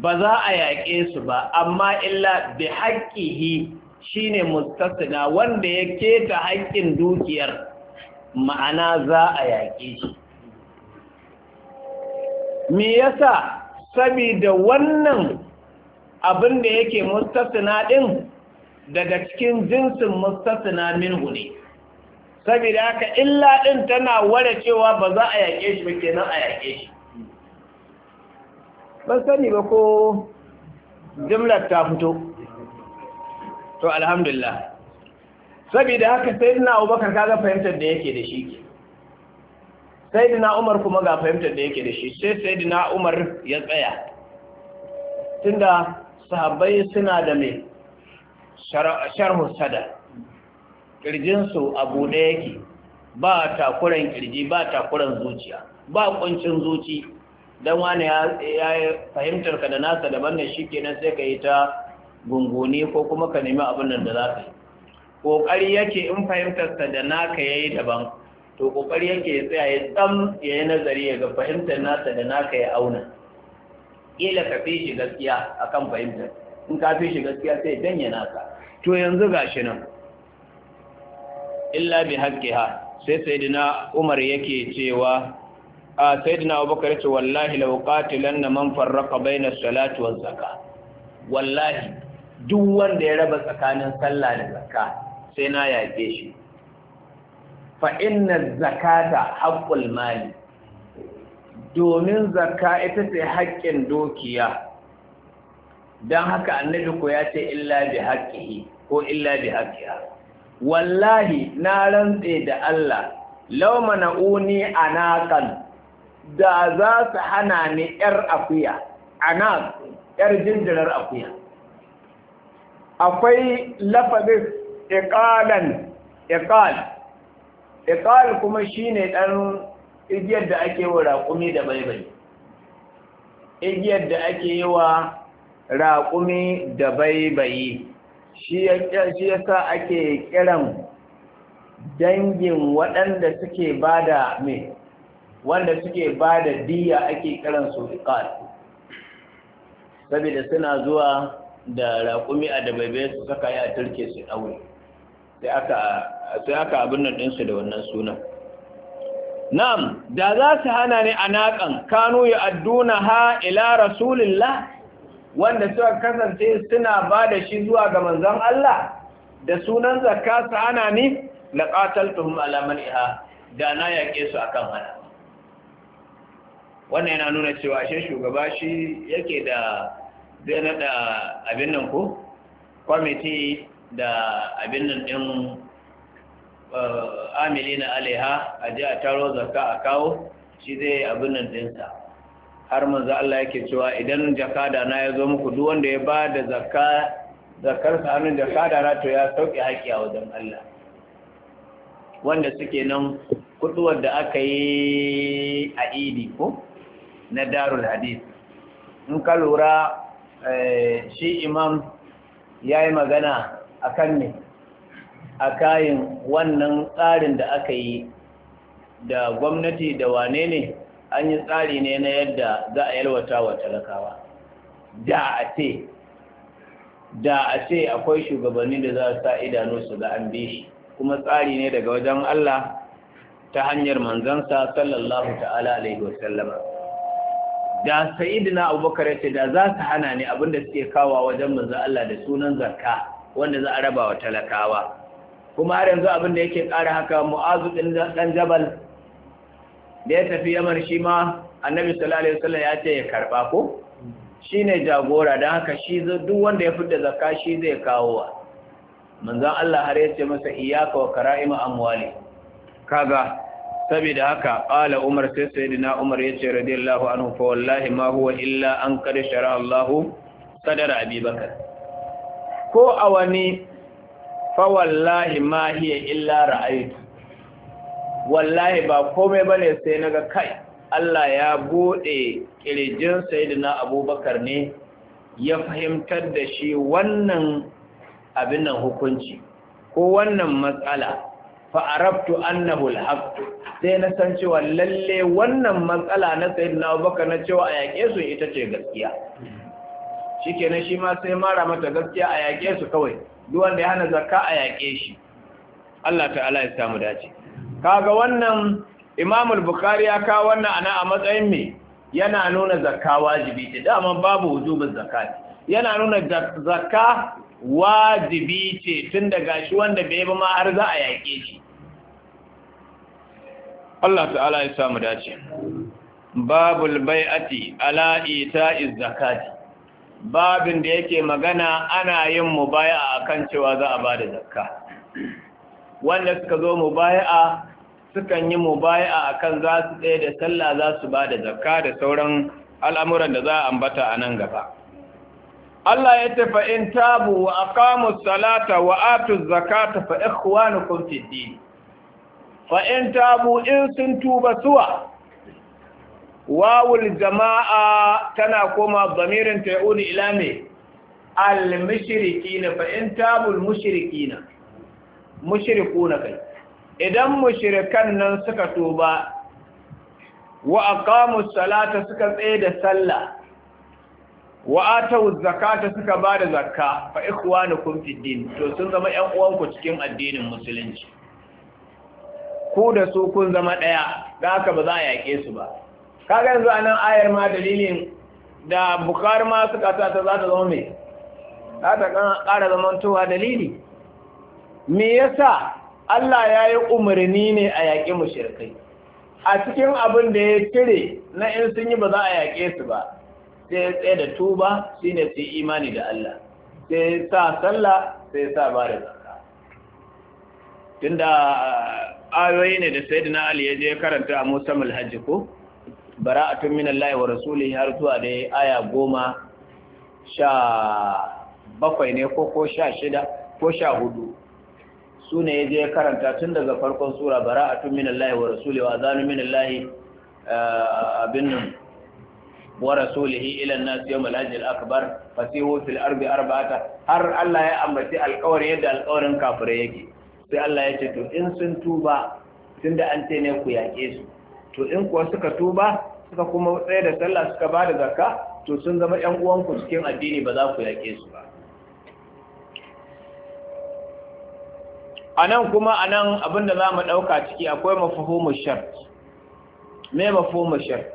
ba za a yaƙe su ba amma illa bi haqqihi shine mustasila wanda ya keta haƙƙin dukiyar ma'ana za a yaƙe shi me yasa saboda wannan abin da yake mustasina din daga cikin jinsin mustasina minhu ne saboda haka illa din tana ware cewa ba za a yake shi ba kenan a yake shi ban sani ba ko jimlar ta fito to alhamdulillah saboda haka sai ina abubakar kaga fahimtar da yake da shi sayyidina Umar kuma ga fahimtar da yake da shi sai sayyidina Umar ya tsaya tunda sahabbai suna da mai sharhu sada Ƙirjinsu abu da yake ba takuran ƙirji, ba takuran zuciya ba ƙuncin zuci don wani ya fahimtar ka da nasa daban da shi kenan sai ka yi ta gunguni ko kuma ka nemi abin da za ka yi ƙoƙari yake in fahimtarsa da naka ya yi daban to kokari yake ya tsaya ya tsam ya yi nazari ya ga fahimtar nasa da naka ya auna kila ka fi shi gaskiya akan fahimtar in ka fi shi gaskiya sai danya naka to yanzu gashi nan illa bi haqqiha sai sayyidina Umar yake cewa a sayyidina Abubakar ce wallahi law qatilanna man farraqa baina salati waz zakat wallahi duk wanda ya raba tsakanin sallah da zakka sai na yaƙe shi fa inna zakata haqqul mali domin zakka ita ce haƙƙin dokiya, don haka annabi ko ya ce illa bi haƙƙihi ko illa bi haƙƙiha wallahi na rantse da Allah law mana'uni anaqan da za su hana ni yar akuya anaq yar jindirar akuya akwai lafazin iqalan iqal iqal kuma shine dan igiyar da ake wa raqumi da baibai igiyar da ake yi wa raƙumi da baibai shi ya sa ake kiran dangin waɗanda suke bada me wanda suke bada diya ake kiran su iqal saboda suna zuwa da raƙumi a da baibai su saka ya turke su ɗaure sai aka sai aka abin nan ɗinsu da wannan sunan na'am da za su hana ni a naƙan kanu ya adduna ha ila rasulillah wanda suka kasance suna ba da shi zuwa ga manzon Allah da sunan zakka su hana ni laqataltuhum ala man'iha da na yaƙe su akan hana wannan yana nuna cewa shi shugaba shi yake da zai naɗa abin nan ko kwamiti da abin nan ɗin eh, amili na aleha a ji a taro Zaka a kawo shi zai abin nan ɗinsa har manzo Allah yake cewa idan jakada na ya zo muku duk wanda ya ba da zakka zakkarsa hannun jakada na to ya sauke haƙƙi a wajen Allah wanda suke nan kuduwar da aka yi a idi ko na darul hadith in ka lura eh, shi imam ya yi magana kan ne a kayan wannan tsarin da aka yi da gwamnati da wane ne an yi tsari ne na yadda za a yalwata wa talakawa da a ce da a ce akwai shugabanni da za su sa idanu su ga an bishi kuma tsari ne daga wajen Allah ta hanyar manzansa sallallahu ta'ala alaihi wasallama da sa'idina abubakar ya ce da za su hana ne abinda suke kawo wajen manzan Allah da sunan zakka wanda za a raba wa talakawa kuma har yanzu abin da yake ƙara haka mu'azu ɗin ɗan jabal da ya tafi yamar shi ma annabi sallallahu alaihi wasallam ya ce ya karba ko shine jagora dan haka shi duk wanda ya fidda zakka shi zai kawo manzon Allah har yace masa iyyaka wa kara'ima amwali kaga saboda haka qala umar sai sayyidina umar ya ce radiyallahu anhu fa wallahi ma huwa illa an qad shara Allahu sadara abubakar ko a wani fawallahi ma hiya illa ra'aytu wallahi ba komai bane sai naga kai Allah ya bude kirjin sayyidina Abubakar ne ya fahimtar da shi wannan abin hukunci ko wannan matsala fa'arabtu annahu alhaq sai na san cewa lalle wannan matsala na sayyidina Abubakar na cewa a yake su ita ce gaskiya kenan shi ma sai mara mata gaskiya a yaƙe su kawai duk wanda ya hana zakka a yaƙe shi Allah ta'ala ya samu dace kaga wannan imamul al-Bukhari ya kawo wannan ana a matsayin me yana nuna zakka wajibi ce dama babu wujubin zakka yana nuna zakka wajibi ce tun daga shi wanda bai ba ma har za a yaƙe shi Allah ta'ala ya samu dace babul bai'ati ala ita'iz zakati babin da yake magana ana yin mubaya'a akan cewa za a bada zakka wanda suka zo mubaya'a sukan yi mubaya'a akan za su tsaye da sallah za su bada zakka da sauran al'amuran da za a ambata a nan gaba Allah ya tafa in tabu wa aqamu salata wa atu zakata fa ikhwanukum fi din fa in tabu in sun tuba suwa wawul jama'a tana koma zamirin ta'uni ila ne al-mushrikina fa in tabul mushrikina mushrikuna kai idan mushrikan nan suka tuba wa aqamu salata suka tsaye da sallah wa atau zakata suka bada zakka fa ikhwanukum fid din to sun zama ƴan uwanku cikin addinin musulunci ku da su kun zama daya da haka ba za a yake su ba kaga yanzu a nan ayar ma dalilin da bukar ma suka sa ta za ta zama mai za ta ƙara zamantowa dalili me yasa Allah ya yi umarni ne a yaƙi mushrikai a cikin abin da ya cire na in sun yi ba za a yaƙe su ba sai tsaye da tuba shine sai imani da Allah sai sa sallah sai sa ba da zakka tunda ayoyi ne da sayyidina Ali ya je karanta a Musa Hajji ko Bara tun min Allah wa rasulihi har zuwa da aya goma sha bakwai ne ko ko sha shida ko sha hudu su ne ya je karanta tun daga farkon sura bara tun mina Allah wa rasulihi wa zanu minan layi eh, abin nan wa rasulihi ila an-nas yawm al fasihu fil arbi arba'ata har Allah ya ambaci alƙawarin yadda alƙawarin kafirai yake sai Allah ya ce to in sun tuba tunda an ce ne ku yake su to in kuwa suka tuba suka kuma tsaye da sallah suka ba da zakka to sun zama ƴan uwanku cikin addini ba za ku yaƙe su ba a nan kuma a nan abin da za mu ɗauka ciki akwai mafahimu shart me mafahimu shart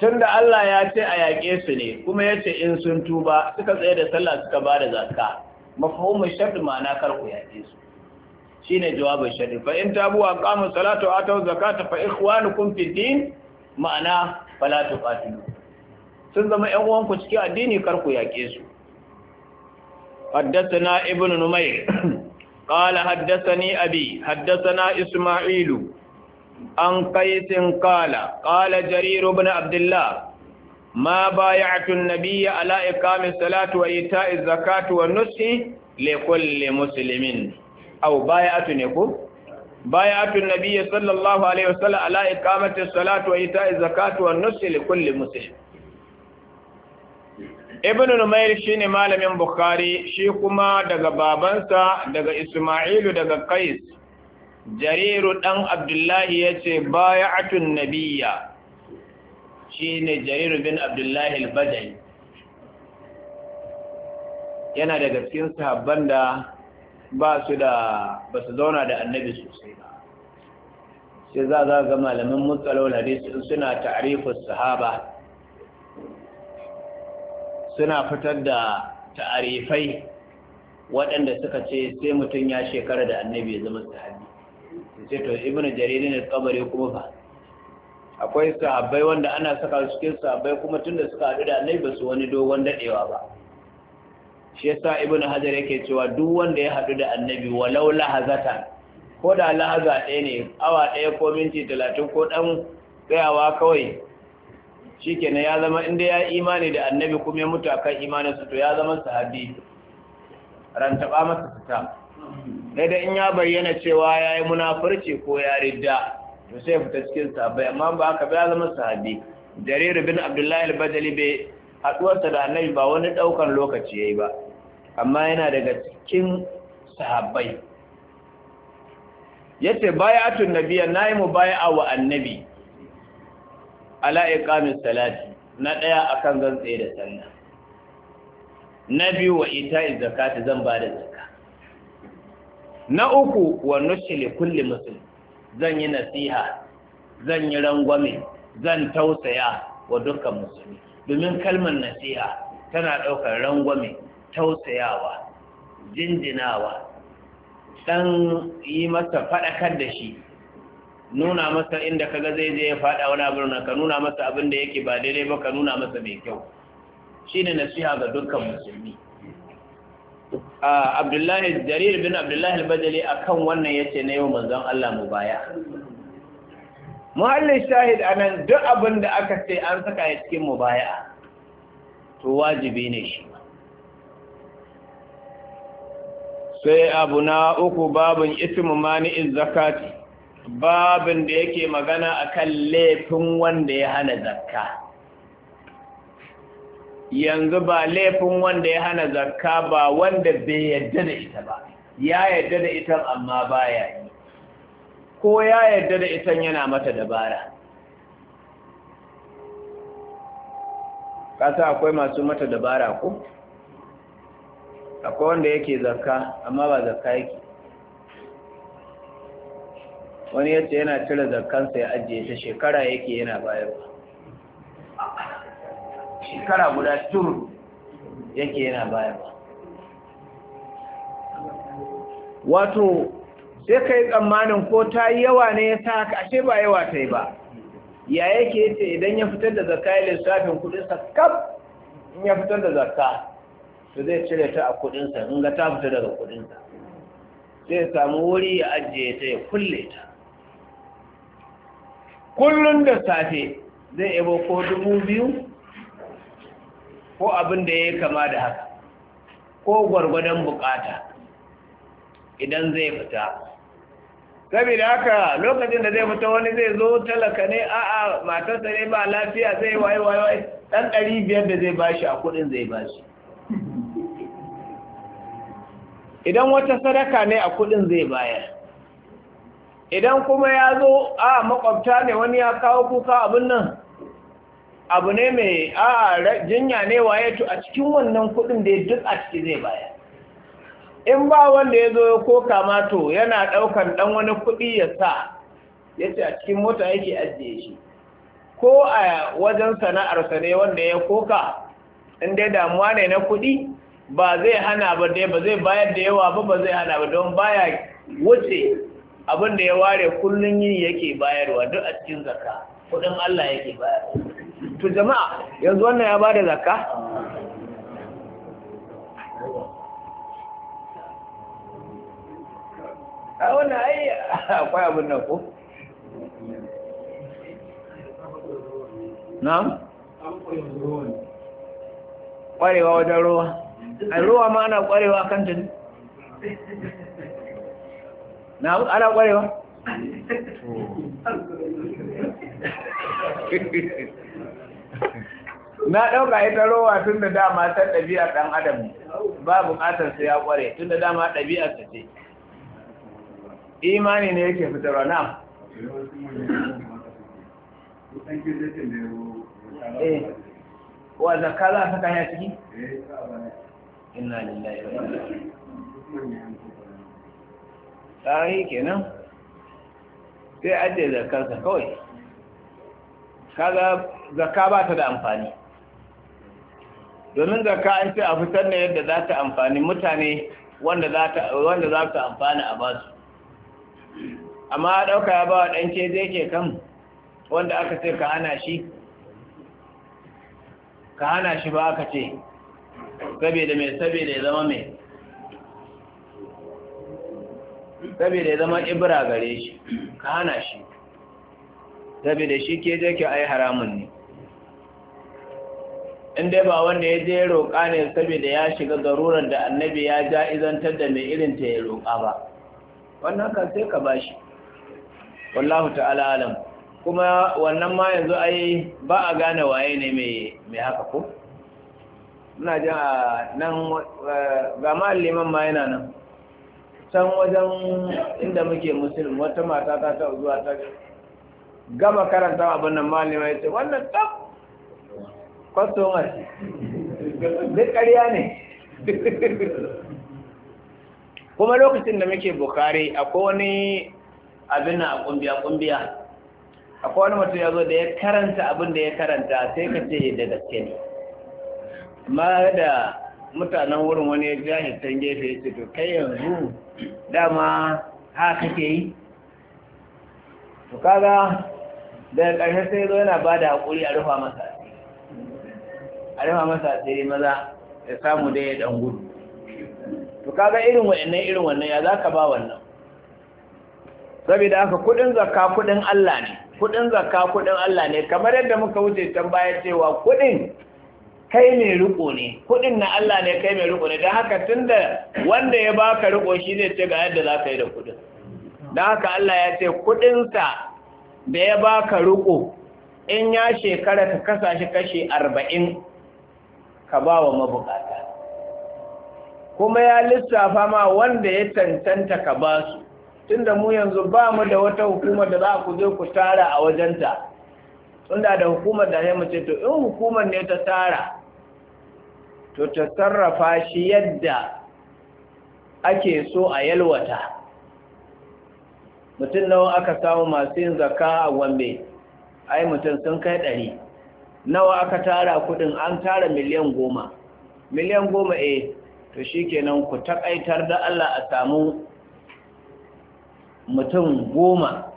tun Allah ya ce a yaƙe su ne kuma ya ce in sun tuba suka tsaye da sallah suka ba da zakka mafahimu shart ma'ana kar ku yaƙe su ne jawabin shari'a fa in tabu a qamu salatu wa zaka zakata fa ikhwanukum fi din ma'ana Falatu tuqatilu sun zama 'yan uwan ku cikin addini kar ku yake su haddathana ibnu numayr qala haddathani abi na isma'ilu an sin ƙala. Ƙala jariru ibn abdullah ma bay'atu an-nabiy ala iqami salatu wa ita'iz zakatu wa nusi li kulli au bay'atu ne ko bay'atu nabiyyi sallallahu alaihi wasallam ala iqamati salati wa ita'i zakati wa nusi li kulli muslim ibn numair shine malamin bukhari shi kuma daga babansa daga isma'ilu daga qais jariru ɗan abdullahi yace bay'atu nabiyya shine jariru bin abdullahi al-badai yana daga cikin sahabban da ba su da ba su zauna da annabi sosai ba sai za za ga malamin mutsalawar hadisi suna ta'arifin sahaba suna fitar da ta'arifai waɗanda suka ce sai mutum ya shekara da annabi ya zama sahabi sai to ibn jaririn da qabari kuma ba akwai sahabbai wanda ana saka su cikin sahabbai kuma tunda suka haɗu da annabi ba su wani dogon daɗewa ba shi yasa ibnu hajar yake cewa duk wanda ya haɗu da annabi walau lahazatan ko da lahaza ɗaya ne awa ɗaya ko minti talatin ko ɗan tsayawa kawai kenan ya zama inda ya imani da annabi kuma ya mutu akan imanin su to ya zama sahabi rantaba masa fita sai da in ya bayyana cewa ya yi munafurci ko ya ridda to sai fita cikin sahabbai amma ba haka ba ya zama sahabi jarir bin abdullahi al-bajali bai haɗuwarsa da annabi ba wani ɗaukar lokaci ya yi ba amma yana daga cikin sahabbai yace bai'atun nabiyya nayi a wa annabi ala iqamis salati na daya akan gantsaye da sallah na biyu wa ita'i zakati zan ba da zakka na uku wa nushli kulli muslim zan yi nasiha zan yi rangwame zan tausaya wa dukkan musulmi domin kalmar nasiha tana daukar rangwame tausayawa jinjinawa ɗan yi masa faɗakar da shi nuna masa inda ka ga zai je faɗa wani abu na ka nuna masa abin da yake ba daidai ba ka nuna masa mai kyau Shi ne nasiha ga dukkan musulmi Abdullahi Jarir bin Abdullahi al a kan wannan ya ce na yau manzon Allah mu baya Muhallin shahid anan duk abin da aka ce an saka ya cikin baya. to wajibi ne shi sai abu na uku babin ismu in zakati babin da yake magana akan laifin wanda ya hana zakka yanzu ba laifin wanda ya hana zakka ba wanda bai yadda da ita ba ya yadda da ita amma baya yi ko ya yadda da ita yana mata dabara kasa akwai masu mata dabara ko akwai wanda yake zakka amma ba zakka yake wani yace yana cire zakkansa ya ajiye ta shekara yake yana bayarwa shekara guda tur yake yana bayarwa wato sai ka yi tsammanin ko ta yi yawa ne ya sa haka ashe ba yawa ta yi ba ya yake ce idan ya fitar da zakka ya lissafin kudinsa kaf in ya fitar da zakka to zai cire ta a kudinsa in ga ta fita daga kudinsa zai samu wuri ya ajiye ta ya kulle ta kullum da safe zai yabo ko dubu biyu ko abin da ya yi kama da haka ko gwargwadon bukata idan zai fita saboda haka lokacin da zai fita wani zai zo talaka ne a'a matarsa ne ba lafiya zai waye waye dan ɗari biyar da zai bashi a kuɗin zai bashi idan wata sadaka ne a kudin zai bayar idan kuma ya zo a makwabta ne wani ya kawo kuka abin nan abu ne mai a jinya ne waye to a cikin wannan kudin da duk a ciki zai bayar in ba wanda ya zo ya koka mato yana daukan ɗan wani kuɗi ya sa ya ce a cikin mota yake ajiye shi ko a wajen sana'arsa ne wanda ya koka in dai damuwa ne na kuɗi. ba zai hana ba dai ba zai bayar da yawa ba ba zai hana ba don baya wuce abin da ya ware kullun yin yake bayarwa duk a cikin zakka kudin Allah yake bayarwa to jama'a yanzu wannan ya bada zakka a wannan ai akwai abin nan ko na'am kwarewa wajen ruwa a ruwa ma ana kwarewa kan ta na ana kwarewa na ɗauka ita rowa tun da dama ta ɗabi'ar ɗan adam ba buƙatar su ya ƙware tun da dama ɗabi'ar ta ce imani ne yake fitarwa na eh. wa zakka za a saka ya ciki? inna lillahi wa inna ilaihi raji'un kenan sai ajiye zakarsa kawai kaga zakka ba ta da amfani domin zakka an ce a fitar da yadda za ta amfani mutane wanda za ta amfani a basu amma ɗauka ya ba wa ɗance zai ke kan wanda aka ce ka hana shi ka hana shi ba aka ce saboda mai saboda ya zama mai saboda ya zama ibra gare shi ka hana shi saboda shi ke je a ai haramun ne in dai ba wanda ya je roƙa ne saboda ya shiga garurar da annabi ya ja izantar da mai irin ta ya roƙa ba wannan kan sai ka bashi wallahu ta'ala alam kuma wannan ma yanzu ai ba a gane waye ne mai haka ko Muna jin a nan eh, ga liman ma yana nan can wajen inda muke musulun wata mata ta ta zuwa ta gama karanta abin nan liman ya ce wannan tsab kwastomar duk ƙarya ne kuma lokacin da muke bukari akwai wani abin a kumbiya-kumbiya akwai wani mutum ya zo da ya karanta abin da ya karanta sai ka ce da gaske ne ma da mutanen wurin wani ya jahiltan gefe ya ce to kai yanzu dama ha kake yi to kaga daga ƙarshe sai zo yana ba da haƙuri a rufa masa a rufa masa tsere maza ya samu da ya ɗan gudu to kaga irin wa'annan irin wannan ya za ka ba wannan saboda haka kuɗin zakka kuɗin Allah ne kuɗin zakka kuɗin Allah ne kamar yadda muka wuce can baya cewa kuɗin. kai mai riko ne kuɗin na Allah ne kai mai riko ne don haka tunda wanda ya baka riko shi zai ce ga yadda za ka yi da kudin don haka Allah ya ce sa da ya baka riko in ya shekara ka kasa shi kashi arba'in ka ba wa mabukata kuma ya lissafa ma wanda ya cancanta ka ba su tunda mu yanzu ba mu da wata hukumar da za ku zo ku tara a wajenta tunda da hukumar da ya mace to in hukumar ne ta tara to ta sarrafa shi yadda ake so a yalwata mutum nawa aka samu masu yin zaka a gombe ai mutum sun kai ɗari nawa aka tara kuɗin an tara miliyan goma miliyan goma e to shi kenan ku taƙaitar da allah a samu mutum goma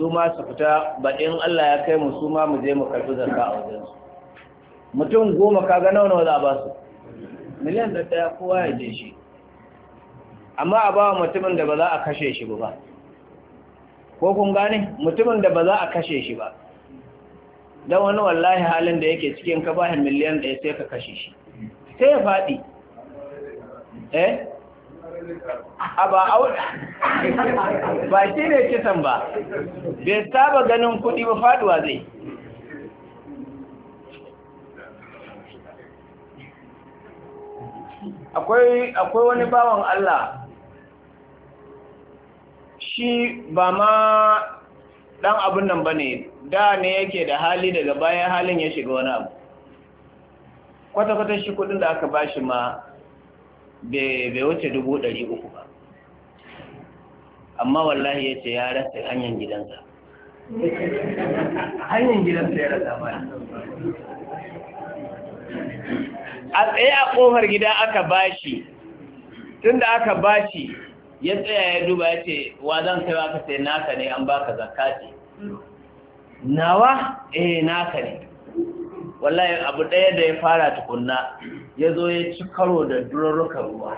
su ma su fita baɗin allah ya kai mu su ma mu je mu karfi zaka a wajensu mutum goma kaga nawa nawa za a ba su miliyan da ta kowa ya je shi amma a ba mutumin da ba za a kashe shi ba ko kun gane mutumin da ba za a kashe shi ba don wani wallahi halin da yake cikin ka bahin miliyan ɗaya sai ka kashe shi sai ya faɗi eh a ba auda ba shi ne kisan ba bai saba ganin kuɗi ba faɗuwa zai akwai akwai wani bawan Allah shi ba ma dan abin nan bane da ne yake da hali daga bayan halin ya shiga wani abu kwata-kwata shi kudin da aka bashi ma bai wuce dubu ɗari uku ba amma wallahi ya ce ya rasa hanyar gidansa hanyar gidansa ya rasa ba a tsaye a ƙofar gida aka bashi tun da aka bashi ya tsaya ya duba ya ce wa zan kai ka sai naka ne an baka zakati nawa eh naka ne wallahi abu ɗaya da ya fara tukunna ya zo ya ci karo da durarrukan ruwa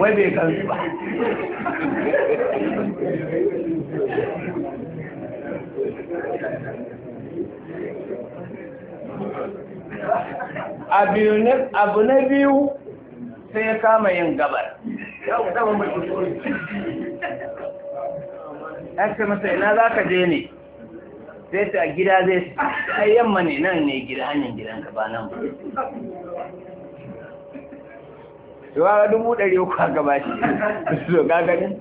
wai bai kan ba abu na biyu sai ya kama yin gabar ya ce masa ina za ka je ne sai ta gida zai sai yamma ne nan ne gida hanyar ka ba nan ba ga dubu ɗari uku a gaba shi so ka gani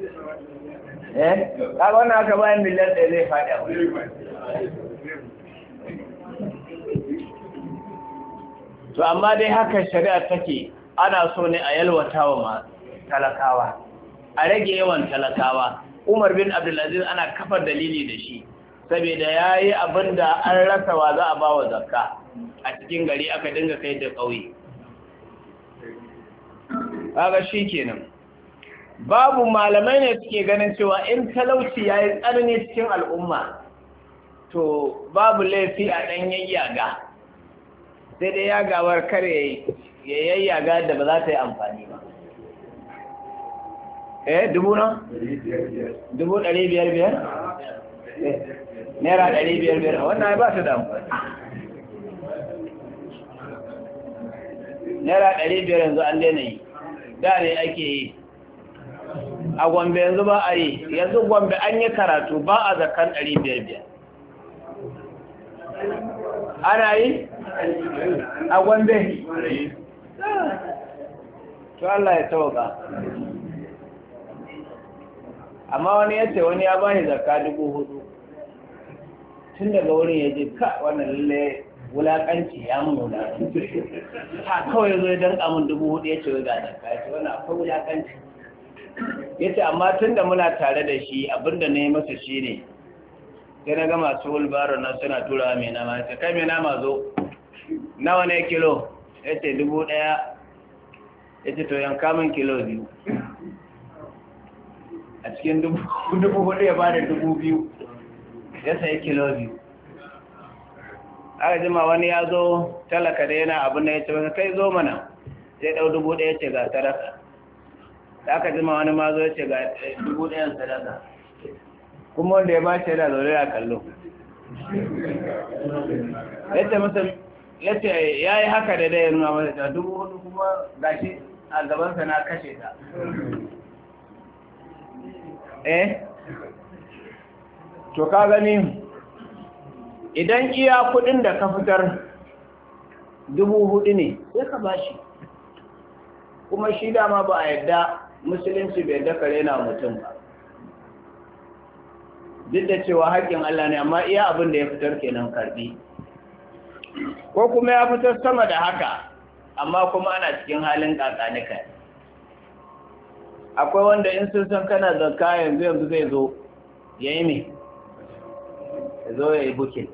eh ka wannan aka bayan miliyan ɗaya zai faɗi a wuri to amma dai haka shari'a take ana so ne a yalwata wa talakawa a rage yawan talakawa umar bin abdulaziz ana kafar dalili da shi saboda ya yi abin da an rasa wa za a ba wa zakka a cikin gari aka dinga kai da ƙauye kaga shi kenan babu malamai ne suke ganin cewa in talauci ya yi tsanani cikin al'umma to babu laifi a ɗan yaga. sai dai ya gawar kare ya yayyaga da ba za ta yi amfani ba eh dubu na? dubu ɗari biyar biyar? Eh, naira ɗari biyar biyar wannan ba su damu naira ɗari biyar yanzu an daina yi da ne ake yi a gombe yanzu ba a yi yanzu gombe an yi karatu ba a zakan ɗari biyar biyar ana yi? a gwambe, to Allah ya tauka amma wani ya ce wani ya ba shi zarka dubu hudu tun daga wurin ya je ka wannan lalle wulaƙanci ya mun ta ha kawai zo ya danka dubu hudu ya ce wai ga zakka ya ce wani akwai wulaƙanci ya ce amma tun da muna tare da shi abinda na yi masa shi ne sai na ga masu wulbaro na suna tura mai nama ya ce kai mai nama zo nawa ne kilo ya ce dubu ɗaya ya ce to yanka min kilo biyu a cikin dubu hudu ya bada dubu biyu ya sai kilo biyu aka jima wani ya zo talaka da yana abin da ya ce kai zo mana zai ɗau dubu ɗaya ce ga sadaka da aka jima wani ma zo ya ce ga dubu ɗayan sadaka kuma wanda ya ba shi yana zaune a kallo ya ce masa yace yi haka da dai nuna mata ta dubu hudu kuma shi a gabansa na kashe ta eh? to ka gani idan iya kudin da ka fitar dubu hudu ne sai ka bashi kuma shi dama ba a yadda musulunci bai daka rena mutum ba duk da cewa haƙƙin Allah ne amma iya abin da ya fitar kenan karbi ko kuma ya fitar sama da haka amma kuma ana cikin halin kakanika akwai wanda in sun san kana zarka yanzu yanzu zai zo ya yi ne ya zo ya yi bukin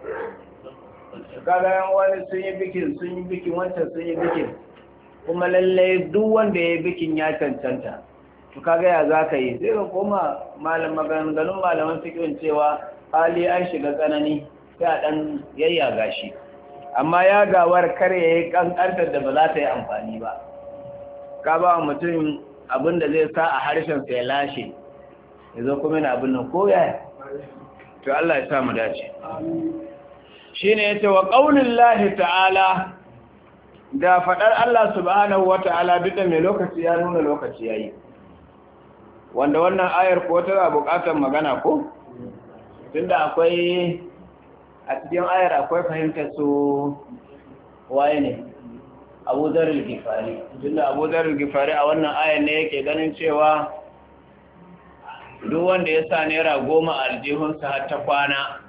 kaga yan wani sun yi bikin sun yi bikin wancan sun yi bikin kuma lallai duk wanda ya yi bikin ya cancanta to kaga ya za ka yi zai ga koma maganganun malaman fikin cewa hali an shiga tsanani sai a ɗan yayyaga shi amma ya gawar kar ya yi kankantar da ba za ta yi amfani ba ka ba mutum abin da zai sa a harshen sai lashe ya zo kuma yana abin nan ko ya to Allah ya sa mu dace shine yace wa ƙaunin lahi ta'ala da faɗar Allah subhanahu wa ta'ala duk mai lokaci ya nuna lokaci ya yi wanda wannan ayar ko tana buƙatar magana ko tunda akwai a cikin ayar akwai fahimtar su waye ne abu zarar gifari tunda abu zarar gifari a wannan ayar ne yake ganin cewa duk wanda ya sa naira goma a aljihunsa har ta kwana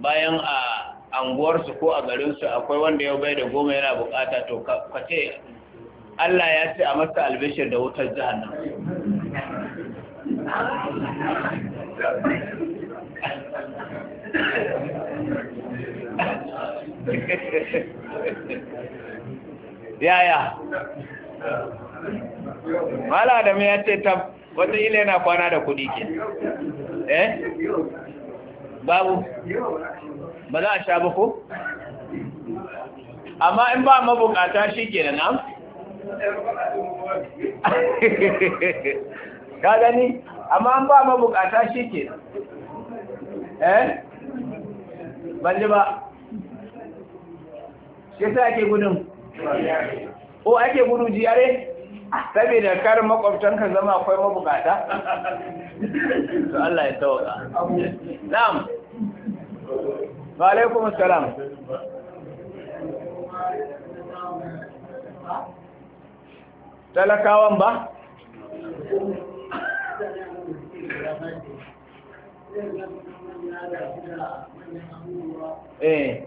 bayan a anguwarsu ko a garinsu akwai wanda ya bai da goma yana bukata to kwace Allah ya ce a masa albishir da wutar jihar nan yaya mala da ya ce ta wata ile na kwana da kudi ke eh babu ba za a sha ba ko amma in ba mabukata shi ke da nan ka gani amma an ba mabukata shi ke eh ban ba yasa ake gudun o ake gudu jiyare saboda kar makwabtanka zama akwai mabukata to Allah ya tauka na'am wa alaikum assalam talakawan ba eh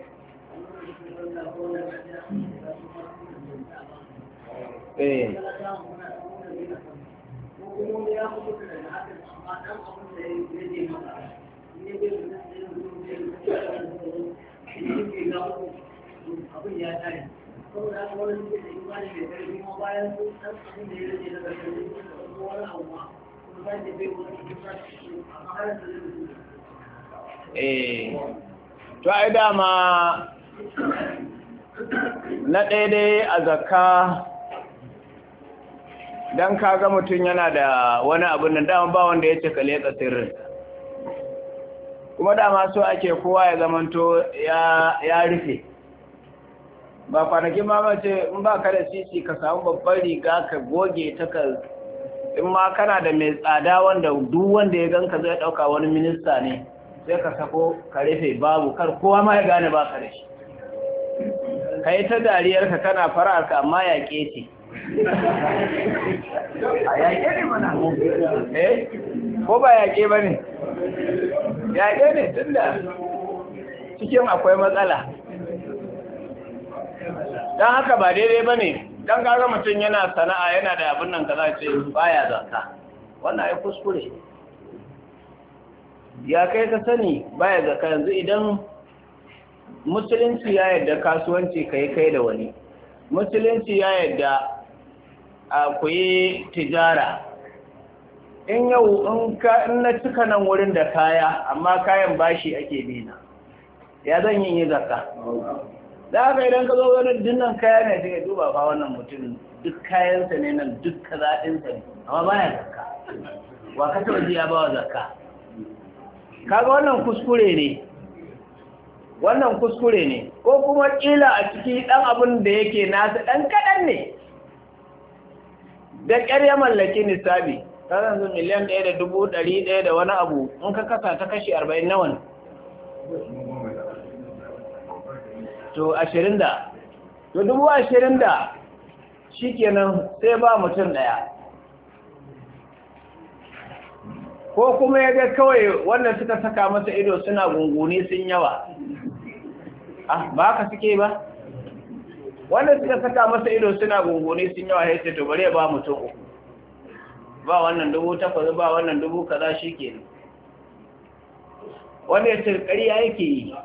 Eh. eh to ai dama na daidai a zakka don ga mutum yana da wani abin da dama ba wanda ya ce kale sirrin kuma dama so ake kowa ya zamanto ya rufe ba kwanakin ce in ba ka da sisi ka samu babbar riga ka goge ta ka in ma kana da mai tsada wanda duk wanda ya ganka zai ɗauka wani minista ne sai ka sako ka rufe babu kar kowa ma ya gane ba ka da shi ka yi ta dariyarka kana fara'arka amma yaƙe ce a yaƙe ne mana eh ko ba yaƙe ba ne yaƙe ne tunda cikin akwai matsala don haka ba daidai ba ne don gaga mutum yana sana'a yana da abin nan ka za ce baya zata wannan ya kuskure ya kai ka sani baya zaka yanzu idan musulunci ya yarda kasuwanci kai kai da wani musulunci ya yarda a kuyi tijara in yau in na cika nan wurin da kaya amma kayan bashi ake bina ya zan yin yi zakka da haka idan ka zo wani dinnan kaya ne sai duba fa wannan mutum duk kayansa ne nan duk kazaɗinsa ne amma baya zakka wa ka taɓa ya bawa wa kaga wannan kuskure ne wannan kuskure ne ko kuma ƙila a ciki ɗan abin da yake nasa ɗan kaɗan ne da ƙyar ya mallaki nisabi ta zanzu miliyan ɗaya da dubu ɗari ɗaya da wani abu in ka kasa ta kashi arba'in nawa ne to ashirin da to dubu ashirin da shi kenan sai ba mutum ɗaya ko kuma ya ga kawai wannan suka saka masa ido suna gunguni sun yawa ah ba ka suke ba wanda suka saka masa ido suna gungune sun yawa ya ce to bari ya ba mutum uku ba wannan dubu takwas ba wannan dubu kaza shi ke ne wanda ya ce ƙarya yake yi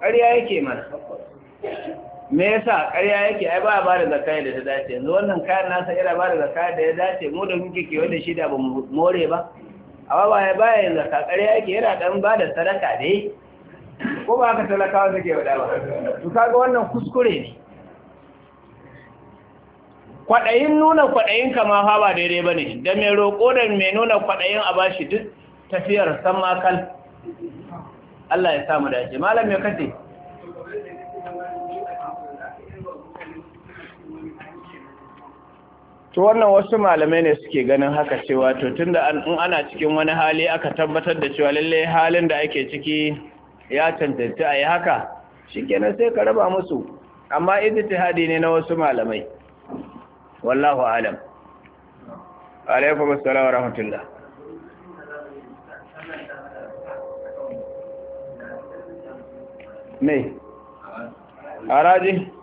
ƙarya yake mana me yasa ƙarya yake ai ba ba da zakaya da ta dace yanzu wannan kayan nasa ira ba da zakaya da ya dace mu da muke ke wanda shi da ba more ba amma ba ya baya yin zaka ƙarya yake yana dan ba da sadaka dai ko ba ka talakawa suke wada ba to kaga wannan kuskure ne kwaɗayin nuna kwaɗayin kama fa ba daidai ba ne da mai roƙo da mai nuna kwaɗayin a bashi duk tafiyar san makal Allah ya samu dace malam ya kace to wannan wasu malamai ne suke ganin haka cewa to tunda in ana cikin wani hali aka tabbatar da cewa lalle halin da ake ciki ya cancanci a yi haka shi kenan sai ka raba musu amma ijtihadi ne na wasu malamai wallahu alam alaikum assalamu wa rahmatullah ne haraji